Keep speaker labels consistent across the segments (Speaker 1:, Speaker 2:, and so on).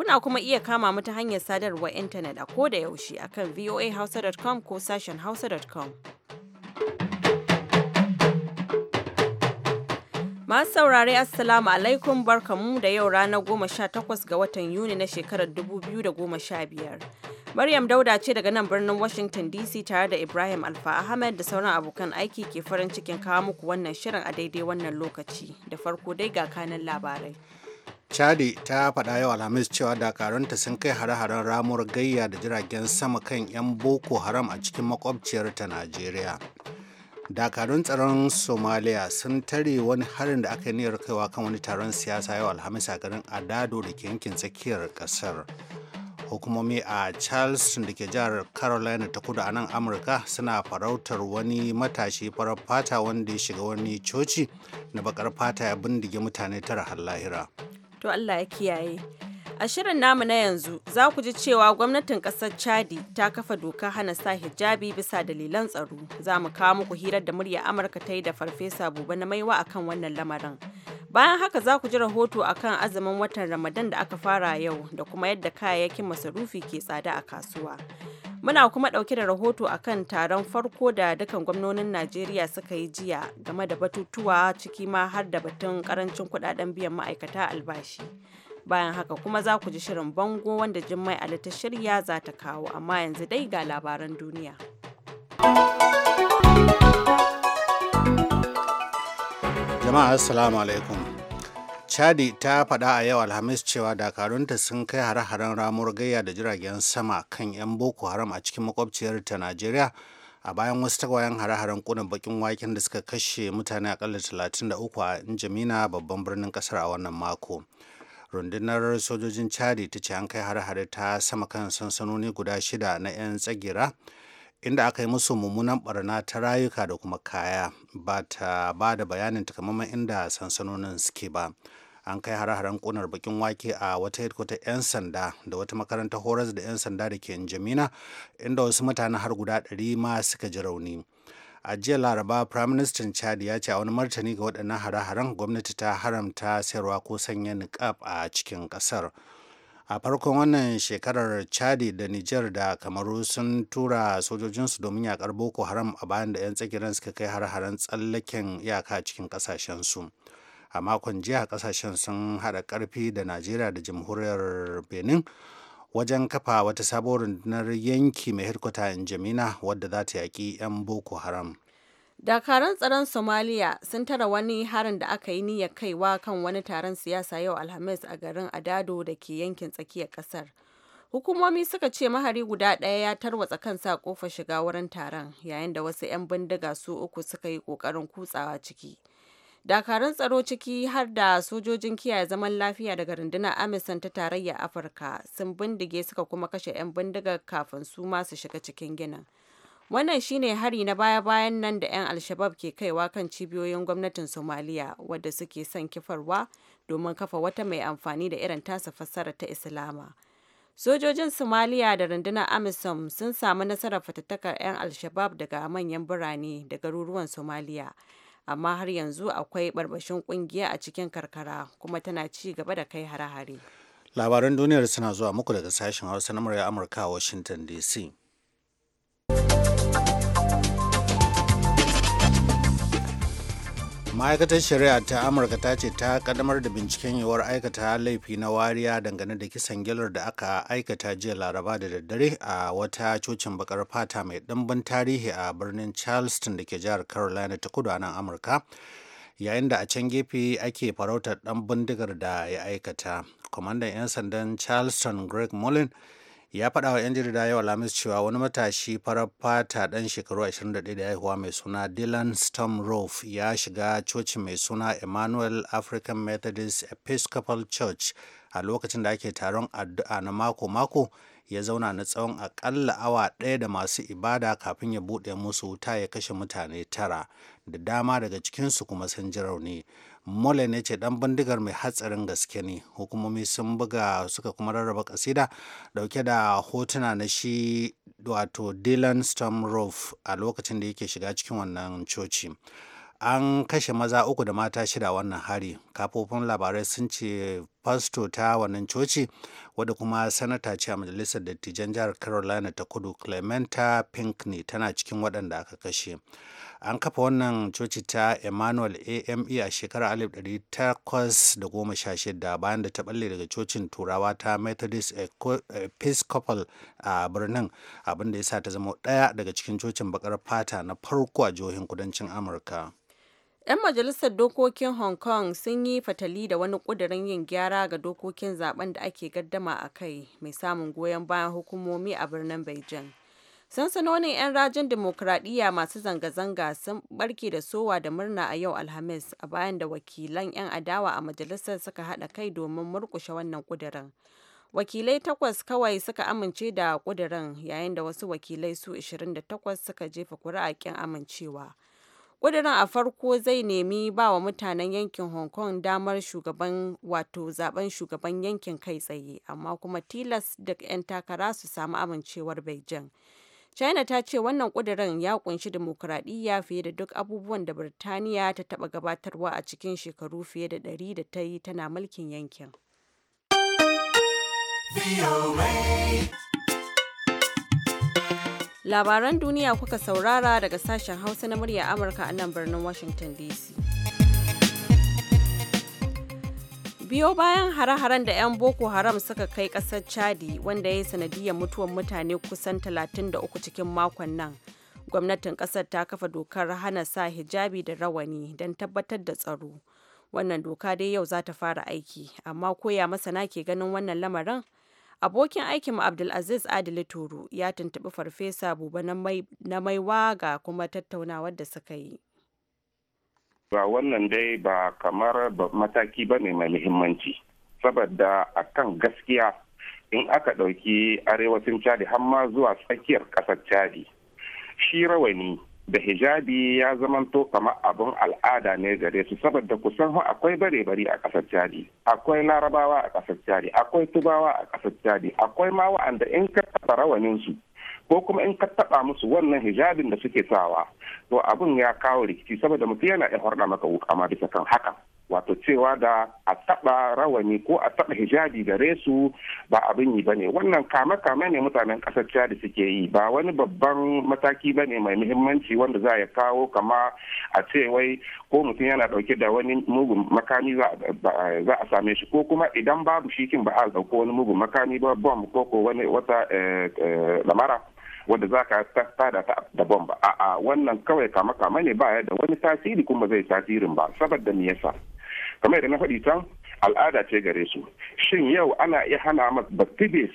Speaker 1: Kuna kuma iya kama mu ta hanyar sadarwar intanet a ko da yaushe akan voahausa.com ko sashen hausa.com. Masu saurare Assalamu alaikum barkamu da yau ranar goma sha takwas ga watan Yuni na shekarar dubu biyu da goma sha biyar. Maryam Dauda ce daga nan birnin Washington DC tare da Ibrahim Alfa Ahmed da sauran abokan aiki ke farin cikin kawo muku wannan shirin a daidai wannan lokaci. Da farko dai ga kanan labarai.
Speaker 2: chadi ta faɗa yau alhamis cewa dakaranta sun kai hare-haren ramuwar gayya da jiragen sama kan 'yan boko haram a cikin makwabciyar ta najeriya dakarun tsaron somaliya sun tare wani harin da aka niyyar kaiwa kan wani taron siyasa yau alhamis a garin adado da ke yankin tsakiyar kasar hukumomi a charleston da ke jihar carolina ta kudu a nan amurka suna farautar wani matashi farar fata wanda ya shiga wani coci na bakar fata ya bindige mutane tara har lahira
Speaker 1: To Allah ya kiyaye. A shirin namu na yanzu za ku ji cewa gwamnatin ƙasar Chadi ta kafa dokar hana sa hijabi bisa dalilan tsaro. Za mu kawo muku hirar da murya Amurka ta yi da Farfesa Buba na Maiwa akan wannan lamarin. Bayan haka za ku ji rahoto a kan azumin watan Ramadan da aka fara yau da kuma yadda kayayyakin masarufi ke tsada a kasuwa. Muna kuma ɗauke da rahoto akan taron farko da dukan gwamnonin Najeriya suka yi jiya game da batutuwa ciki ma har da batun karancin kuɗaɗen biyan ma'aikata albashi. Bayan haka kuma za ku ji shirin bango wanda Jummai Ali ta shirya za ta kawo amma yanzu dai ga labaran duniya.
Speaker 2: Jama'a Assalamu alaikum. chadi ta faɗa a yau alhamis cewa dakarunta sun kai hare-haren ramuwar gayya da jiragen sama kan 'yan boko haram a cikin makwabciyar ta najeriya a bayan wasu tagwayen hare-haren kunan bakin waken da suka kashe mutane akalla 33 a injimina babban birnin kasar a wannan mako. Rundunar sojojin Chadi ta ce an kai hare-hare ta sama kan sansanoni guda shida na 'yan tsagira inda aka yi musu mummunan barna ta rayuka da kuma kaya ba ta ba da bayanin takamaiman inda sansanonin suke ba. an kai hare-haren kunar bakin wake a wata hedkwatar 'yan sanda da wata makaranta horas da 'yan sanda da ke jamina inda wasu mutane har guda 100 ma suka ji rauni a jiya laraba prime minister chad ya ce a wani martani ga waɗannan hare-haren gwamnati ta haramta sayarwa ko sanya niqab a cikin ƙasar a farkon wannan shekarar chadi da niger da kamaru sun tura sojojinsu domin yakar boko haram a bayan da 'yan tsakirin suka kai hare-haren tsallaken iyaka cikin ƙasashensu su a makon jiya kasashen sun haɗa karfi da najeriya da jamhuriyar benin wajen kafa wata sabon rundunar yanki mai hirkuta jamina wadda za ta yaƙi 'yan boko haram
Speaker 1: dakaran tsaron somaliya sun tara wani harin da aka yi niyyar kaiwa kan wani taron siyasa yau alhamis a garin adado da ke yankin tsakiyar kasar hukumomi suka ce mahari guda ɗaya ya tarwatsa kan sa kofar shiga wurin taron yayin da wasu 'yan bindiga su uku suka yi ƙoƙarin kutsawa ciki dakarun tsaro ciki har da sojojin kiyaye zaman lafiya daga rundunar amisan ta tarayya afirka sun bindige suka kuma kashe 'yan bindigar kafin su masu su shiga cikin ginin wannan shine hari na baya-bayan nan da 'yan alshabab ke kaiwa kan cibiyoyin gwamnatin somaliya wadda suke son kifarwa domin kafa wata mai amfani da irin tasa fassara ta islama sojojin somaliya da rundunar amisom sun samu nasarar fatattakar 'yan alshabab daga manyan birane da garuruwan somaliya amma har yanzu akwai barbashin kungiya a cikin karkara kuma tana ci gaba da kai hare-hare.
Speaker 2: Labaran duniyar suna zuwa muku daga sashen Hausa na murya Amurka a Washington DC. ma'aikatar shari'a ta amurka ta ce ta kaddamar da binciken yiwuwar aikata laifi na wariya dangane da kisan gilar da aka aikata jiya laraba da daddare a wata cocin bakar fata mai ɗimbin tarihi a birnin charleston da ke jihar carolina ta kudu a nan amurka yayin da a can gefe ake farautar ɗan bindigar da ya aikata kwamandan 'yan sandan charleston greg mullin ya faɗa wa 'yan jarida yau alhamis cewa wani matashi farar fata ɗan shekaru 21 da haihuwa mai suna dylan storm roof ya shiga coci mai suna emmanuel african methodist episcopal church a lokacin da ake taron addu'a na mako-mako ya zauna na tsawon akalla awa ɗaya da masu ibada kafin ya buɗe musu wuta ya kashe mutane tara da dama daga cikinsu kuma sun ji rauni mole ne ce dan bindigar mai hatsarin gaske ne hukumomi sun buga suka kuma rarraba kasida dauke da hotuna na shi wato dylan storm roof a lokacin da yake shiga cikin wannan coci an kashe maza uku da mata shida wannan hari kafofin labarai sun ce fasto ta wannan coci wadda kuma sanata ce a majalisar dattijan jihar carolina ta kudu clementa pinkney tana cikin waɗanda aka kashe an kafa wannan coci ta emmanuel ame a shekarar 1816 bayan da ta balle daga cocin turawa ta methodist episcopal a birnin abinda ya sa ta zama ɗaya daga cikin cocin bakar fata na farko a jihohin kudancin amurka
Speaker 1: 'Yan majalisar dokokin Hong Kong sun yi fatali da wani ƙudurin yin gyara ga dokokin zaben da ake gaddama a kai mai samun goyon bayan hukumomi a birnin Beijing. Sansanonin 'yan rajin dimokuraɗiyya masu zanga-zanga sun barke da sowa da murna a yau Alhamis a bayan da wakilan 'yan adawa a majalisar suka haɗa kai domin murƙushe wannan ƙudurin. Wakilai takwas kawai suka amince da ƙudurin yayin da wasu wakilai su 28 suka jefa kuri'a ƙin amincewa. Ƙudurin a farko zai nemi ba wa mutanen yankin Hong Kong damar shugaban wato zaben shugaban yankin kai tsaye, amma kuma tilas duk 'yan takara su samu amincewar Beijing. China ta ce wannan ƙudurin ya kunshi dimokuraɗiyya fiye da duk abubuwan da Birtaniya ta taɓa gabatarwa a cikin shekaru fiye da ɗari da ta yi tana mulkin yankin. Labaran duniya kuka saurara daga sashen Hausa na murya Amurka a nan birnin Washington DC. biyo bayan hare-haren da 'yan boko haram suka kai kasar chadi wanda ya yi sanadiyar mutuwar mutane kusan 33 cikin makon nan gwamnatin kasar ta kafa dokar hana sa hijabi da rawani don tabbatar da tsaro wannan doka dai yau za ta fara aiki amma koya masana ke ganin wannan lamarin abokin aikin abdulaziz adili toro ya tuntuɓi farfesa buba na maiwa ga kuma tattaunawar da suka yi
Speaker 3: ba wannan dai ba kamar mataki ba ne mai muhimmanci saboda a kan gaskiya in aka ɗauki arewacin cadi har ma zuwa tsakiyar ƙasar cadi shi rawani da hijabi ya zamanto kamar abin al'ada ne gare su saboda kusan akwai bare-bari a ƙasar cadi akwai larabawa a ƙasar chadi akwai tubawa a ƙasar chadi akwai ma wa'anda in ka taɓa rawanin su ko kuma in ka taɓa musu wannan hijabin da suke sawa to abin ya kawo rikici saboda mutum yana ya horda maka wuka ma bisa kan hakan wato cewa da a taba rawani ko a taɓa hijabi gare su ba abin yi bane wannan kama kama ne mutanen ƙasar da suke yi ba wani babban mataki bane mai muhimmanci wanda za ya kawo kama a ce wai ko mutum yana dauke da wani mugun makami za a same shi ko kuma idan babu shikin ba a dauko wani mugun makami ba bom ko ko wani wata eh, eh, lamara wanda za ka tada ta da bomba a'a wannan kawai kama kama ne ba da wani tasiri kuma zai tasirin ba saboda me yasa kamar yadda na faɗi can al'ada ce gare su shin yau ana iya hana masu ba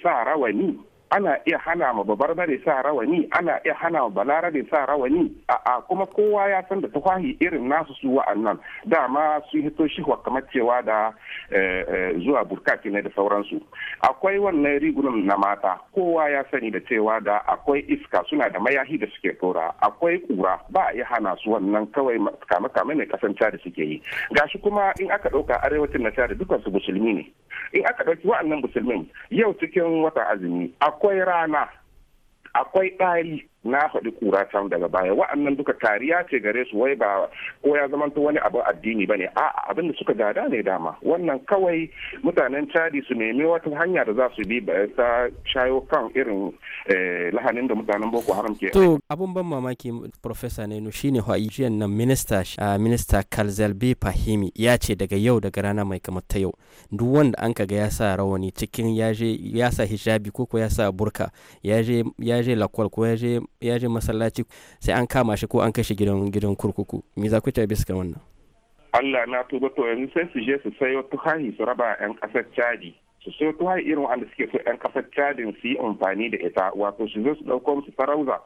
Speaker 3: sa rawani ana iya hana ma babar da sa rawani ana iya hana ma da sa rawani a kuma kowa ya san da tufahi irin nasu su wa'annan dama sun hito shi kamar cewa da eh, eh, zuwa burkaki ne da sauransu akwai wannan rigunan na mata kowa ya sani da cewa da akwai iska suna da mayahi da suke tora akwai kura ba a iya hana su wannan kawai kame kame ne kasan da suke yi gashi kuma in aka ɗauka arewacin na da dukansu musulmi ne in aka ɗauki wa'annan musulmi yau cikin wata azumi akwai akwai rana akwai ɗari na faɗi kura can daga baya wa'annan duka kariya ce gare su wai ba ko ya wani abu addini ba ne a'a abin da suka gada ne dama wannan kawai mutanen cadi su nemi wata hanya da za su bi ba ta shayo kan irin eh, lahanin da mutanen boko haram ke to
Speaker 4: abun ban mamaki professor Nenu shine hawaiian nan minista ah, minista Kalzelbi Fahimi ya ce daga yau daga rana mai kamar ta yau duk wanda an kaga ya sa rawani cikin ya sa hijabi ko ko ya sa burka ya je lakwal ko ya je yajin masallaci sai an kama shi ko an kashe gidan gidan kurkuku me za ku ta bisa wannan
Speaker 3: Allah na tuba to yanzu sai su je su sayo tuhahi su raba yan kasar Chadi su sayo tuhahi irin wanda suke so yan kasar Chadin su yi amfani da ita wato su zo su dauko musu farauza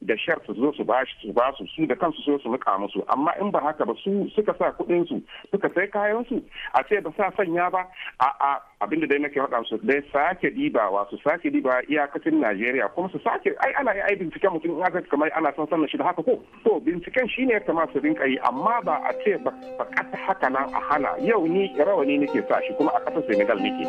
Speaker 3: da shar su zo su ba su ba su su da kansu so su nika musu amma in ba haka ba su suka sa kuɗin su suka sai kayan su a ce ba sa sanya ba a a abinda dai nake faɗa su dai sake dibawa su sake diba iyakacin Najeriya kuma su sake ai ana yi ai binciken mutum in aka kamar ana son sanna shi da haka ko to binciken shine ya kamata su rinka yi amma ba a ce ba kasa haka nan a hana yau ni rawani nake sa shi kuma a ƙasar Senegal nake.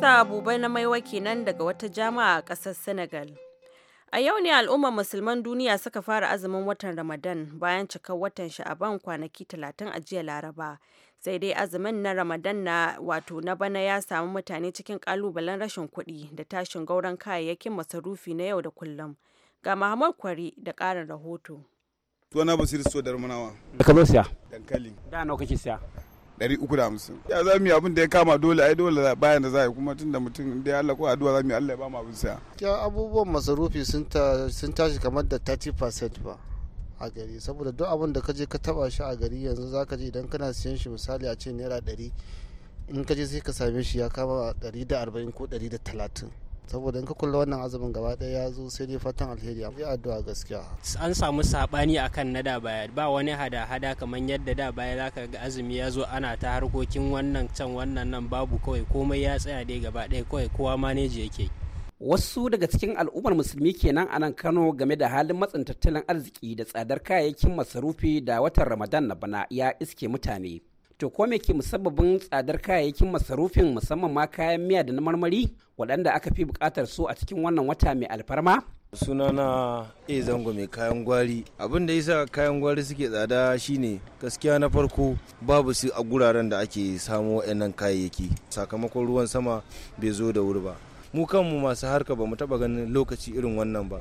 Speaker 1: Farfesa Abubai na Maiwa kenan daga wata jama'a a ƙasar Senegal. A yau ne al'ummar musulman duniya suka fara azumin watan Ramadan bayan cikar watan Sha'aban kwanaki talatin a jiya Laraba. Sai dai azumin na Ramadan na wato na bana ya samu mutane cikin kalubalen rashin kuɗi da tashin gauran kayayyakin masarufi na yau da kullum. Ga Muhammad Kwari da ƙarin rahoto.
Speaker 3: Tuwa na basiri so Da kamar siya.
Speaker 1: Dankali. Da kake siya?
Speaker 3: 350 ya za mu yi abin da ya kama dole ai dole bayan da za yi kuma tunda mutum da ya Allah ko addu'a za mu yi Allah ya ba mu abin saya ya
Speaker 2: abubuwan masarufi sun tashi kamar
Speaker 5: da 30% ba a gari saboda duk abin da ka je ka taba shi a gari yanzu za ka je idan kana siyan shi misali a ce naira 100 in ka je sai ka same shi ya kama 140 ko 130 saboda in ka kula wannan azumin gaba ɗaya ya zo sai dai fatan alheri amma addu'a gaskiya
Speaker 4: an samu sabani akan na da baya ba wani hada hada kamar yadda da baya zaka ga azumi ya zo ana ta harkokin wannan can wannan nan babu kawai komai ya tsaya dai gaba ɗaya
Speaker 6: kawai kowa maneji yake wasu daga cikin al'ummar musulmi kenan a nan kano game da halin matsin tattalin arziki da tsadar kayayyakin masarufi da watan ramadan na bana ya iske mutane To ko me ke musabbabin tsadar kayayyakin masarufin musamman ma kayan miya da na marmari waɗanda aka fi buƙatar su a cikin wannan wata mai alfarma? sunana e
Speaker 5: zango mai kayan gwari abin da yasa kayan gwari suke tsada shine gaskiya na farko babu su a guraren da ake samo waɗannan kayayyaki sakamakon ruwan sama bai zo da wuri ba mu kanmu masu harka ba mu taba ganin lokaci irin wannan ba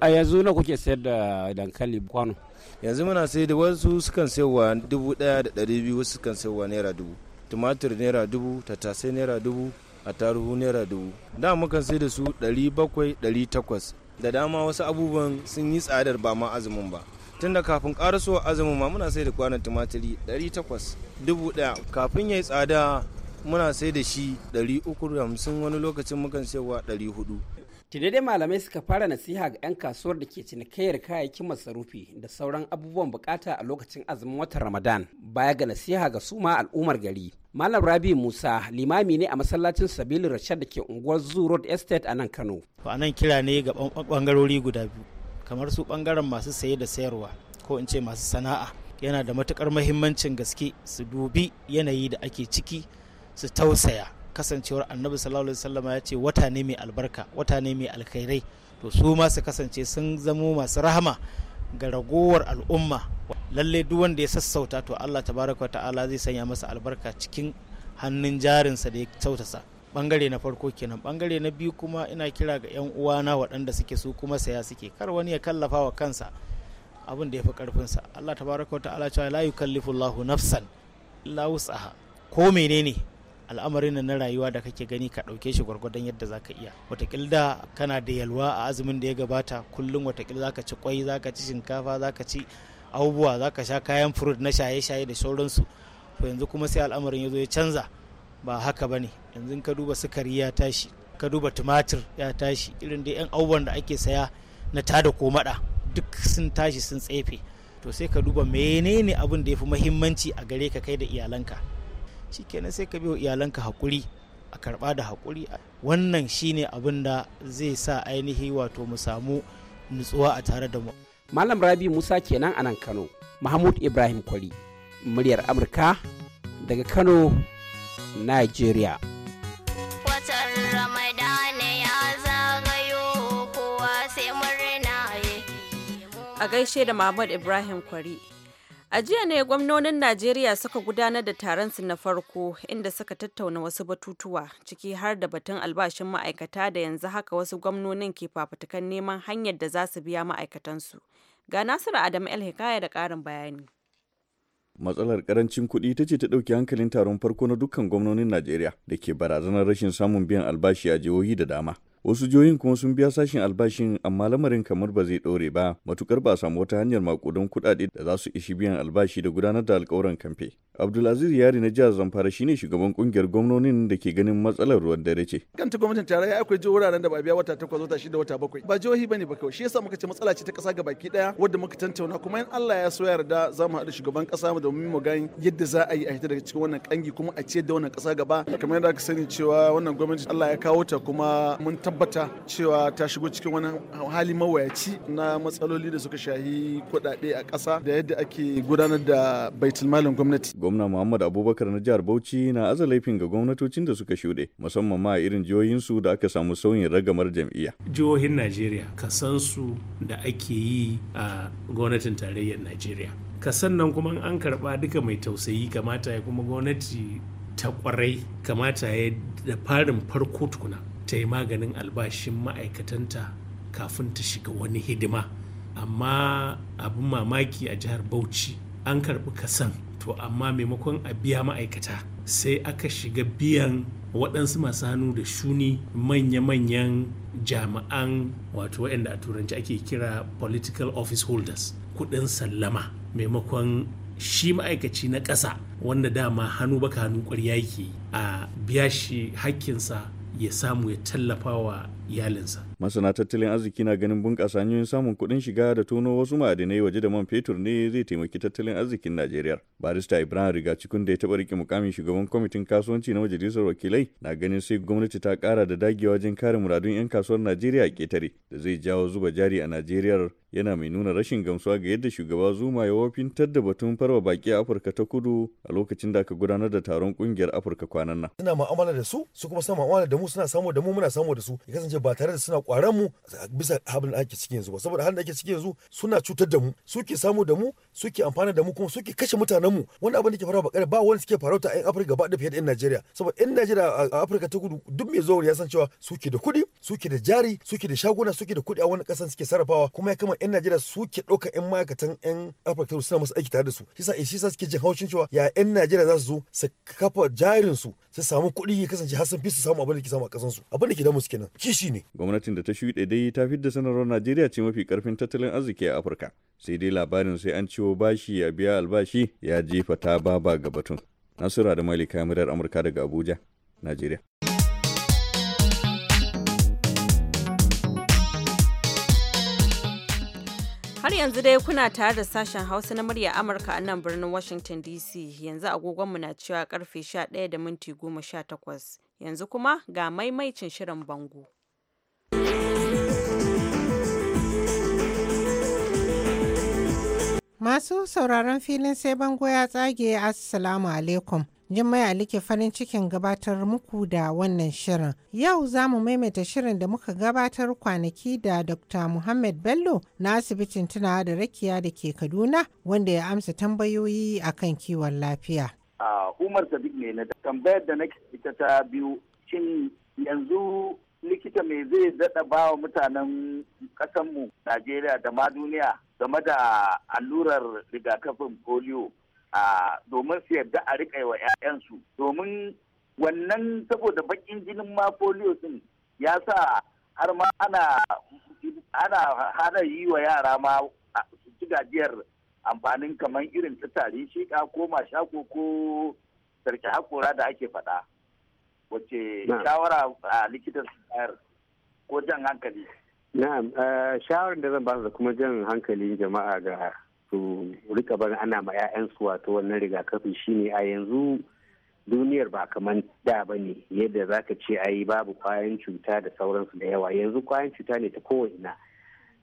Speaker 5: a yanzu na kuke sayar da dankali kwano yanzu muna sai da wasu sukan saiwa dubu daya da dari biyu wasu sukan saiwa naira dubu tumatir naira dubu tattasai naira dubu attaruhu naira dubu da mukan sai da su dari bakwai dari takwas da dama wasu abubuwan sun yi tsadar ba ma azumin ba tunda kafin karasowa azumin ma muna sai da kwanan tumatiri takwas dubu daya kafin ya yi tsada muna sai da shi 350
Speaker 6: wani lokacin mukan saiwa 400 tuni dai malamai suka fara nasiha ga 'yan kasuwar da ke cinikayyar kayayyakin masarufi da sauran abubuwan bukata a lokacin azumin watan ramadan baya ga nasiha ga suma al'ummar gari malam rabi musa limami ne a masallacin sabilu rashad da ke unguwar zoo road estate a nan kano a nan kira ne ga bangarori guda biyu kamar
Speaker 5: su bangaren masu saye da sayarwa ko in ce masu sana'a yana da matukar mahimmancin gaske su dubi yanayi da ake ciki su tausaya kasancewar annabi sallallahu alaihi wasallama ya ce wata ne mai albarka wata ne mai alkhairai to su ma su kasance sun zamo masu rahama ga ragowar al'umma lalle duk wanda ya sassauta to Allah tabaraka ta'ala zai sanya masa albarka cikin hannun jarinsa da ya tautasa bangare na farko kenan bangare na biyu kuma ina kira ga yan uwana waɗanda suke su kuma saya suke kar wani ya kallafa wa kansa abin da ya fi karfinsa Allah tabaraka ta'ala cewa la yukallifullahu nafsan illa wus'aha ko menene al'amarin na rayuwa da kake gani ka ɗauke shi gwargwadon yadda za ka iya watakil da kana da yalwa a azumin da ya gabata kullum watakil za ka ci kwai za ka ci shinkafa za ka ci abubuwa za ka sha kayan furut na shaye-shaye da sauransu to yanzu kuma sai al'amarin ya zo ya canza ba haka ba ne yanzu ka duba sukari ya tashi ka duba tumatir ya tashi irin da 'yan abubuwan da ake saya na tada ko maɗa duk sun tashi sun tsefe to sai ka duba menene abin da ya fi muhimmanci a gare ka kai da iyalanka shikenan sai ka biyo iyalanka hakuri a karɓa da hakuri wannan shine abin da zai sa ainihi wato mu samu nutsuwa a tare
Speaker 6: da mu malam rabi musa kenan a nan kano mahmud ibrahim kwari muryar amurka daga kano nigeria
Speaker 1: a gaishe da mahmud ibrahim kwari A jiya ne gwamnonin Najeriya suka gudanar da taron su na farko inda suka tattauna wasu batutuwa ciki har da batun albashin ma'aikata da yanzu haka wasu gwamnonin ke fafutukan neman hanyar da za su biya ma'aikatansu. Ga Nasiru Adamu El Hikaya da ƙarin bayani.
Speaker 7: matsalar karancin kuɗi ita ce ta ɗauki hankalin taron farko na dukkan gwamnonin Najeriya da ke barazanar rashin samun biyan albashi a jihohi da dama. Wasu jihohin kuma sun biya sashin albashin amma lamarin kamar ba zai ɗore ba matukar ba samu wata hanyar makudan kuɗaɗe da za su ishi biyan albashi da gudanar da alkawuran kamfe. Abdulaziz Yari na jihar Zamfara shine shugaban kungiyar gwamnonin da ke ganin matsalar ruwan dare ce.
Speaker 5: Kanta gwamnatin tarayya akwai jihohi wuraren da ba biya wata takwas wata shida wata bakwai. Ba jihohi bane ba kawai shi yasa muka ce matsala ce ta kasa ga baki daya wadda muka tantauna kuma in Allah ya so yarda za mu haɗu shugaban kasa mu domin mu gani yadda za a yi a hita daga cikin wannan kangi kuma a ciyar da wannan kasa gaba. Kamar yadda aka sani cewa wannan gwamnati Allah ya kawo ta kuma mun tabbata cewa ta shigo cikin wani hali mawayaci na matsaloli da suka shahi
Speaker 7: kuɗaɗe a ƙasa da yadda ake gudanar da baitulmalin gwamnati. Gwamna Muhammad Abubakar na jihar Bauchi na aza laifin ga gwamnatocin da suka shuɗe musamman ma a irin jihohinsu da aka samu sauyin ragamar jam'iyya.
Speaker 2: Jihohin Najeriya su da ake yi a gwamnatin tarayyar Najeriya. Kasan nan kuma an karɓa duka mai tausayi kamata ya kuma gwamnati ta kwarai kamata ya da farin farko tukuna ta yi maganin albashin ma'aikatanta kafin ta shiga wani hidima amma abin mamaki a jihar bauchi an karbi kasan to amma maimakon a biya ma'aikata sai aka shiga biyan waɗansu masu hannu da shuni manya-manyan jami'an wato waɗanda a turanci ake kira political office holders kuɗin sallama maimakon shi ma'aikaci na ƙasa wanda dama hannu baka hannu ƙwarya yake a biya shi hakkinsa ya samu ya tallafa wa iyalinsa
Speaker 7: Masana tattalin arziki na ganin bunƙasa hanyoyin samun kuɗin shiga da tono wasu ma'adinai waje da man fetur ne zai taimaki tattalin arzikin Najeriya. Barista Ibrahim Riga cikin da ya taɓa riƙe mukamin shugaban kwamitin kasuwanci na majalisar wakilai na ganin sai gwamnati ta ƙara da dagewa wajen kare muradun 'yan kasuwar Najeriya ƙetare da zai jawo zuba jari a Najeriya yana mai nuna rashin gamsuwa ga yadda shugaba zuma ya wafintar da batun farwa baki a afirka ta kudu a lokacin da aka gudanar da taron kungiyar afirka kwanan nan
Speaker 2: suna ma'amala da su su kuma suna ma'amala da mu suna samu da mu muna samu da su ya kasance ba tare da suna kwaran mu bisa halin da ake ciki yanzu ba saboda halin da ake ciki yanzu suna cutar da mu suke samu da mu suke amfana da mu kuma suke kashe mutanen mu wani abin da ke faruwa ba ba wani suke farauta a yan afirka gaba da fiye da yan najeriya saboda yan najeriya a afirka ta kudu duk mai zuwa ya san cewa suke da kuɗi suke da jari suke da shaguna suke da kuɗi a wani ƙasan suke sarrafawa kuma ya kama 'yan Najeriya suke ɗauka 'yan ma'aikatan 'yan Afirka suna musu aiki tare da su shi sa eh, shi sa suke jin haushin cewa ya 'yan Najeriya za su zo su kafa jarin su su samu kuɗi ya kasance har sun fi su samu abin da ke samu a ƙasan su abin da ke damu su kenan kishi ne
Speaker 7: gwamnatin da ta shuɗe dai ta da sanarwar Najeriya ce mafi karfin tattalin arziki a Afirka sai dai labarin sai an ciwo bashi ya biya albashi ya jefa ta baba ga batun Nasura da Malika Murar Amurka daga Abuja, Najeriya.
Speaker 1: yanzu dai kuna tare da sashen Hausa na murya Amurka a nan birnin Washington DC yanzu agogonmu na cewa karfe 11 da minti 18 yanzu kuma ga maimaicin shirin bango.
Speaker 8: Masu sauraron filin sai bango ya tsage Assalamu alaikum. Jummai like farin cikin gabatar muku da wannan shirin. Yau za mu maimaita shirin da muka gabatar kwanaki da Dr. Muhammad Bello na asibitin tunawa da rakiya da ke Kaduna wanda ya amsa tambayoyi akan kiwon lafiya.
Speaker 6: Umar Sadiq ne na tambayar da nake ita ta biyu shin yanzu likita mai zai daɗa ba wa mutanen ƙasanmu Najeriya da ma duniya game da allurar rigakafin polio. domin su yarda a riƙa wa 'ya'yansu domin wannan saboda bakin jinin ma polio din ya sa har ma ana ana hana yi wa yara ma su ci gajiyar amfanin kamar irin ta tarin shiƙa ko mashako ko sarki hakora da ake faɗa wacce shawara a likitan sayar ko jan hankali na'am eh, shawarar da zan ba da kuma jan hankali jama'a ga su rika barin ana ma 'ya'yansu wato wannan rigakafi shine a yanzu duniyar ba kamar da ba ne yadda za ka ce ayi babu kwayan cuta da sauransu da yawa yanzu kwayan cuta ne ta kowane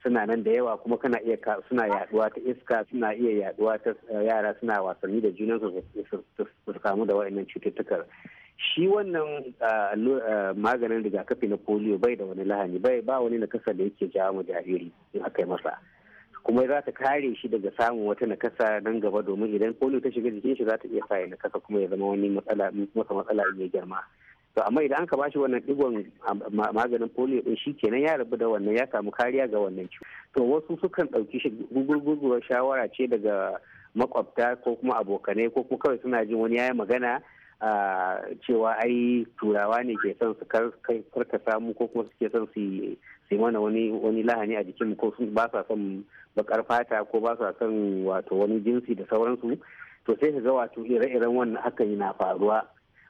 Speaker 6: suna nan da yawa kuma kana iya suna yaduwa ta iska suna iya yaduwa ta eh, yara suna wasanni da junansu su kamu da wa'annan cututtukar shi wannan ah, ah, maganin rigakafi na polio bai da wani lahani bai ba wani nakasa da yake jawo mu jariri in aka yi masa kuma za ta kare shi daga samun wata nakasa nan gaba domin idan polio ta shiga jikin shi za ta iya sayi ya nakasa kuma ya zama wani matsala masa matsala ya girma to amma idan aka bashi wannan digon ah, maganin polio din shi kenan ya rabu da wannan ya samu kariya ga wannan ciwo to wasu sukan ɗauki shi gugurguguwar shawara ce daga makwabta ko kuma abokanai ko kuma kawai suna jin wani yayi magana a cewa ai turawa ne ke son su karka samu ko kuma suke son su yi mana wani lahani a jikin ko sun ba sa son bakar fata ko ba sa son wato wani jinsi da sauransu to sai su ga wato ire-iren wannan yi na faruwa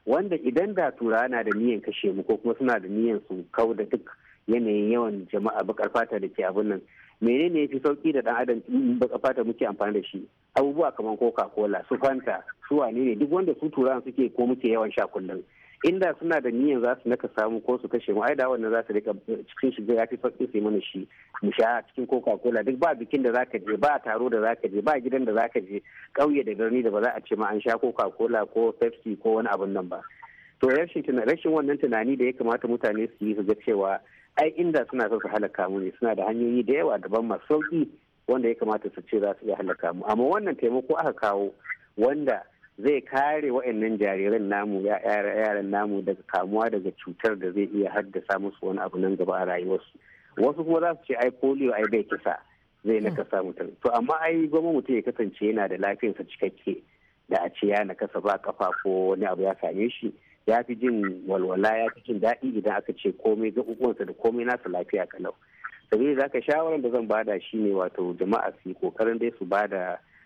Speaker 6: wanda idan da turawa na da niyan kashe mu ko kuma suna da niyan su kau da duk yanayin yawan jama'a bakar fata da ke abin nan menene fi sauki da dan adam baka fata muke amfani da shi abubuwa kamar coca cola su fanta su wane ne duk wanda su turan suke ko muke yawan sha kullum inda suna da niyyar za su naka samu ko su kashe mu ai da wannan za su rika cikin shiga ya fi sauki su mana shi mu sha cikin coca cola duk ba bikin da zaka je ba taro da zaka je ba gidan da zaka je kauye da birni da ba za a ce ma an sha coca cola ko pepsi ko wani abun nan ba to rashin rashin wannan tunani da ya kamata mutane su yi su ga cewa ai inda suna so su halaka mu ne suna da hanyoyi da yawa daban masu sauki wanda ya kamata su ce za su iya halaka mu amma wannan taimako aka kawo wanda zai kare wa'annan jariran namu yaran namu daga kamuwa daga cutar da zai iya haddasa musu wani abu nan gaba a rayuwarsu wasu kuma za su ce ai polio ai bai kisa zai nakasa mutum to amma ai goma mutum ya kasance yana da lafiyarsa cikakke da a ce ya kasa ba kafa ko wani abu ya same shi ya fi jin walwala ya fi jin daɗi idan aka ce komai ga uwansa da komai nasa lafiya kalau sabi da shawaran shawarar da zan bada shine wato jama'a su yi kokarin dai su bada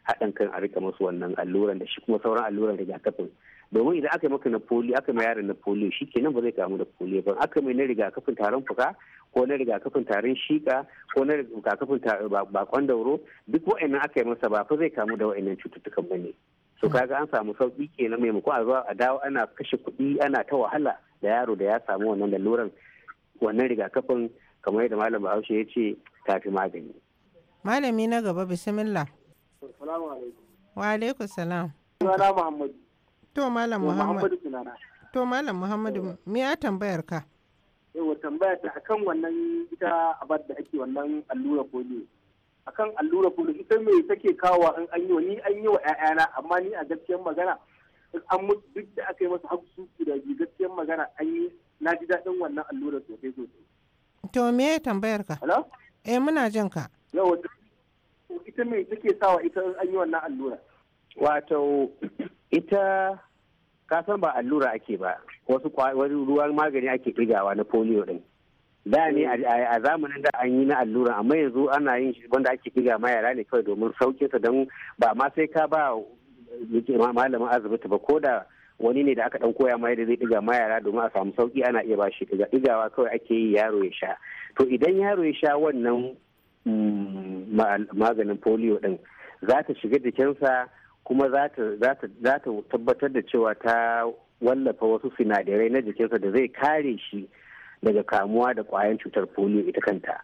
Speaker 6: haɗin kan a rika musu wannan alluran da shi kuma sauran alluran rigakafin domin idan aka yi maka na polio aka mai yaron na polio shi kenan ba zai kamu da polio ba aka mai na rigakafin tarin fuka ko na rigakafin tarin shika ko na rigakafin bakon dauro duk wa'annan aka yi masa ba fa zai kamu da wa'annan cututtukan ba ne so kaga an samu sauki kenan maimakon a zuwa a dawo ana kashe kuɗi ana ta wahala da yaro da ya samu wannan laluran wannan rigakafin kamar yadda malam bahaushe ya ce tafi magani
Speaker 8: malami na gaba bismillah wa alaikum salam sunana muhammadu to malam muhammadu to malam muhammadu me ya tambayar ka
Speaker 6: yawa tambaya ta akan wannan ita abar da ake wannan allura polio akan allura kullu ita me take kawo an an yi ni an yi wa ƴaƴana amma ni a gaskiyar magana an mutu duk da aka yi masa su da biyu gaskiyar magana an yi na ji daɗin wannan allura sosai sosai.
Speaker 8: To me ya tambayar ka? Hello? Eh muna jin ka.
Speaker 6: Yawa ita me take sawa ita an yi wannan allura? Wato ita san ba allura ake ba wasu ruwan magani ake ɗigawa na polio din. da ne a zamanin da an yi na allura amma yanzu ana yin shi wanda ake diga ma yara ne kawai domin sauƙin sa don ba ma sai ka ba malamin asibiti ba ko da wani ne da aka dan koya ma yadda zai diga ma yara domin a samu sauki ana iya ba shi diga digawa kawai ake yi yaro ya sha to idan yaro ya sha wannan mm, maganin polio din za ta shiga jikinsa kuma za ta tabbatar da cewa ta wallafa wasu sinadarai na jikinsa da zai kare shi daga kamuwa da kwayan cutar polio ita kanta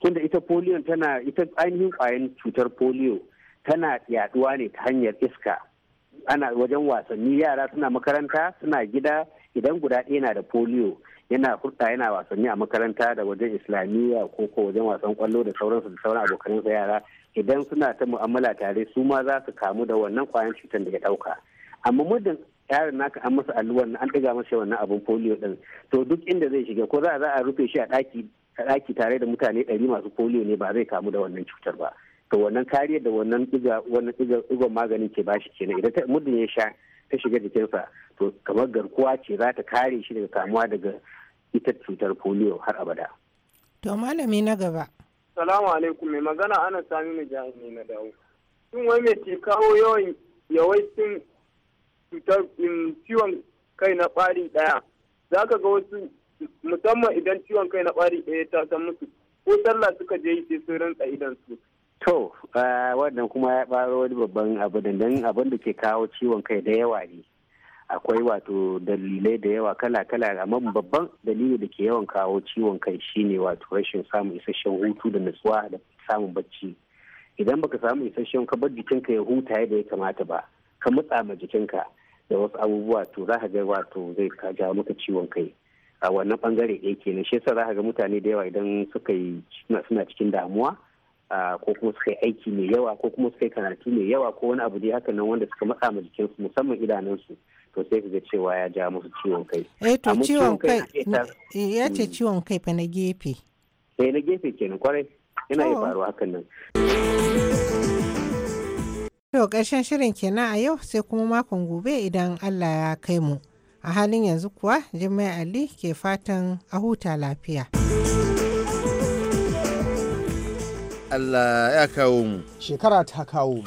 Speaker 6: tunda ita polio tana ita ainihin kwayan cutar polio tana yaduwa ne ta hanyar iska ana wajen wasanni yara suna makaranta suna gida idan guda ɗaya na da polio yana hurɗa yana wasanni a makaranta da wajen islamiyya ko ko wajen wasan kwallo da sauransu da sauran sa yara idan suna ta mu'amala tare su ma za su kamu da wannan kwayan cutar da ya ɗauka amma muddin yaron naka an masa alluwan an ɗiga masa wannan abin polio ɗin to duk inda zai shiga ko za a rufe shi a ɗaki a ɗaki tare da mutane ɗari masu polio ne ba zai kamu da wannan cutar ba to wannan kariya da wannan ɗiga wannan ɗigon maganin ke bashi kenan idan muddin ya sha ta shiga jikinsa to kamar garkuwa ce za ta kare shi daga kamuwa daga ita cutar polio har abada.
Speaker 8: To malami na gaba. Salamu alaikum mai magana ana sami
Speaker 6: mu jami'i na dawo. Shin wai mai ke kawo yawan yawaitin
Speaker 3: cutar ciwon kai na ɓari ɗaya za ka ga wasu musamman idan ciwon kai na ɓari ɗaya ta san musu ko sallah suka je yi sai sun rantsa idan su.
Speaker 6: To, wannan kuma ya ɓaro wani babban abu da nan abin da ke kawo ciwon kai da yawa ne. Akwai wato dalilai da yawa kala-kala amma babban dalili da ke yawan kawo ciwon kai shine wato rashin samun isasshen hutu da natsuwa da samun bacci. Idan baka samu isasshen ka bar jikinka ya huta yadda ya kamata ba, ka matsa ma jikinka. da wasu abubuwa to za ka ga wato zai jawo maka ciwon kai a wannan bangare ɗaya kenan shi yasa za ka ga mutane da yawa idan suka yi suna cikin damuwa ko kuma suka yi aiki mai yawa ko kuma suka yi karatu mai yawa ko wani abu dai haka nan wanda suka matsa ma jikinsu musamman idanunsu to sai ka ga cewa ya ja musu ciwon kai. Eh, ya
Speaker 8: ce hmm. ciwon kai fa na gefe.
Speaker 6: Eh na gefe kenan kwarai yana iya faruwa hakan nan.
Speaker 8: To ƙarshen shirin kenan a yau sai kuma makon gobe idan Allah ya kai mu. A halin yanzu kuwa Jummai Ali ke fatan a huta lafiya. Allah ya kawo mu.
Speaker 3: Shekara ta kawo mu.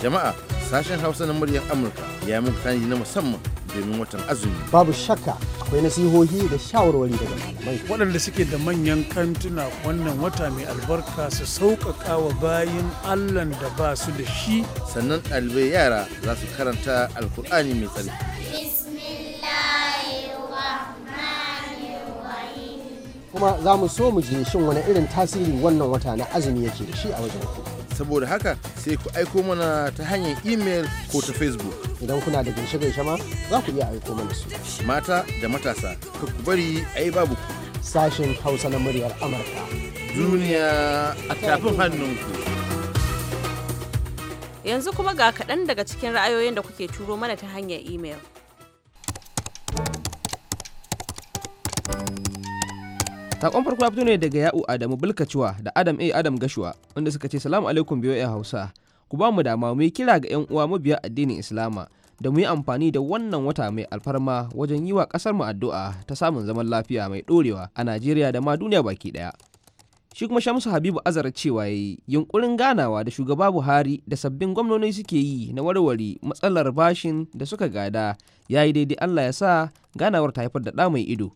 Speaker 2: Jama'a sashen Hausa na muryar Amurka ya muku tanji na musamman domin watan azumi babu shakka akwai nasihohi da shawarwari daga malamai waɗanda suke da manyan kantuna wannan wata mai albarka su sauƙaƙa wa bayin allahn da ba su da shi sannan ɗalibai yara za su karanta alkur'ani mai tsari. kuma za mu so mu je shin wani irin tasiri wannan wata na azumi yake da shi a wajen ku. Saboda haka sai ku aiko mana ta hanyar imel ko ta Facebook idan kuna da gaishe-gaishe ma za ku iya aiko mana su mata da matasa ku bari a yi babu sashen hausa na muryar amurka duniya a tafin hannunku
Speaker 1: yanzu kuma ga kaɗan daga cikin ra'ayoyin da kuke turo mana ta hanyar imel
Speaker 4: Sakon farko ya fito ne daga Ya'u Adamu bilkacuwa da Adam A Adam Gashuwa wanda suka ce salamu alaikum biyo ya Hausa. ku ba mu dama mu yi kira ga 'yan uwa mabiya addinin islama da mu yi amfani da wannan wata mai alfarma wajen yi wa ƙasar mu addu'a ta samun zaman lafiya mai dorewa a najeriya da ma duniya baki daya. shi kuma shamsu habibu azara cewa ya yi yunkurin ganawa da shugaba buhari da sabbin gwamnoni suke yi na warware matsalar bashin da suka gada ya yi daidai allah ya sa ganawar ta haifar da ɗa mai ido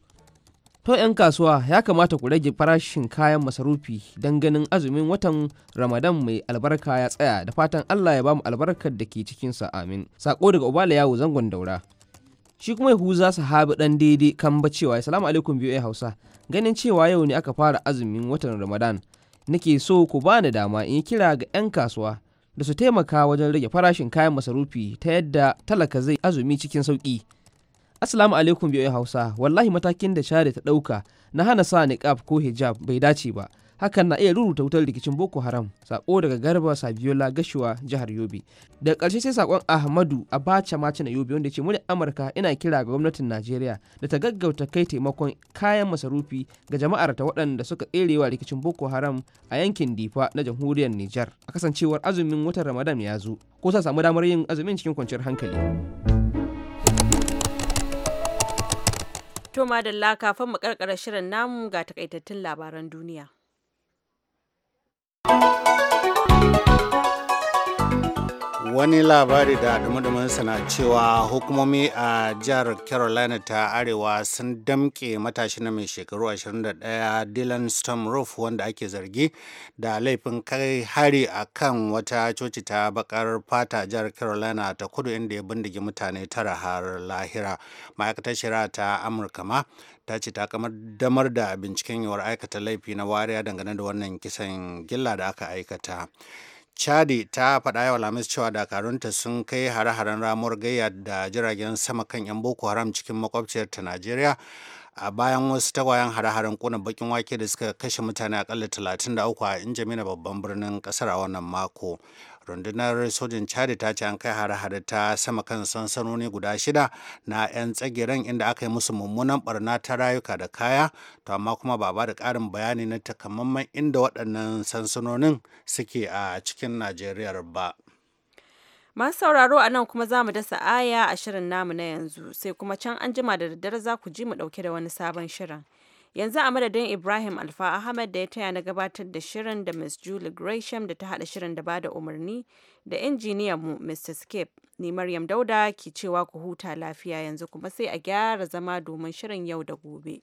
Speaker 4: To 'yan kasuwa ya kamata ku rage farashin kayan masarufi don ganin azumin watan Ramadan mai albarka ya tsaya da fatan Allah ya ba mu albarkar da ke cikinsa amin. Sako daga Ubala Yawo zangon daura. Shi kuma Yahuza sahabi ɗan daidai kan ba cewa salamu alaikum biyu Hausa ganin cewa yau ne aka fara azumin watan Ramadan. Nake so ku bani dama in yi kira ga 'yan kasuwa da su taimaka wajen rage farashin kayan masarufi ta yadda talaka zai azumi cikin sauƙi. Assalamu alaikum biyoyi Hausa, wallahi matakin da share ta ɗauka na hana sa niqab ko hijab bai dace ba. Hakan na iya ruruta wutar rikicin Boko Haram, sako daga Garba Sabiola Gashuwa jihar Yobe. Da ƙarshe sai sakon Ahmadu Abacha Mace na Yobe wanda ce muryar Amurka ina kira ga gwamnatin Najeriya da ta gaggauta kai taimakon kayan masarufi ga jama'ar ta waɗanda suka tserewa rikicin Boko Haram a yankin Difa na jamhuriyar Nijar. A kasancewar azumin watan Ramadan ya zo, ko sa samu damar yin azumin cikin kwanciyar hankali.
Speaker 1: da madalla kafin mu karkara shirin namu ga takaitattun labaran duniya.
Speaker 2: wani labari da dumudumunsa na cewa hukumomi a jihar carolina ta arewa sun damke matashi na mai shekaru 21 dylan roof wanda ake zargi da laifin kai hari a kan wata coci ta bakar fata jihar carolina ta kudu inda ya bindige mutane tara har lahira ma'aikatar shari'a ta amurka ma ta ce ta kamar damar da binciken yawar aikata laifi na wariya dangane da wannan kisan gilla da aka aikata chadi ta faɗa yawa lamis cewa dakarunta sun kai hare-haren ramuwar gayya da jiragen sama kan 'yan boko haram cikin makwabciyar ta najeriya a bayan wasu tagwayen hare-haren kuna bakin wake da suka kashe mutane akalla 33 a injamina babban birnin kasar a wannan mako rundunar sojin chad ta ce an kai hare-hare ta sama kan sansanoni guda shida na 'yan tsagiran inda aka yi musu mummunan barna ta rayuka da kaya to amma kuma ba ba da ƙarin bayani na takamaiman inda waɗannan sansanonin suke a cikin najeriya ba
Speaker 1: Masu sauraro a nan kuma za mu dasa aya a shirin namu na yanzu sai kuma can an jima da daddare za ku ji mu ɗauke da wani sabon shirin. Yanzu a madadin Ibrahim Alfa ahmed da ya taya na gabatar da shirin da Miss Julie Gresham da ta haɗa shirin da bada umarni da injiniyan mu Mr. Skip. Ni Maryam Dauda ke cewa ku huta lafiya yanzu kuma sai a gyara zama domin shirin yau da gobe.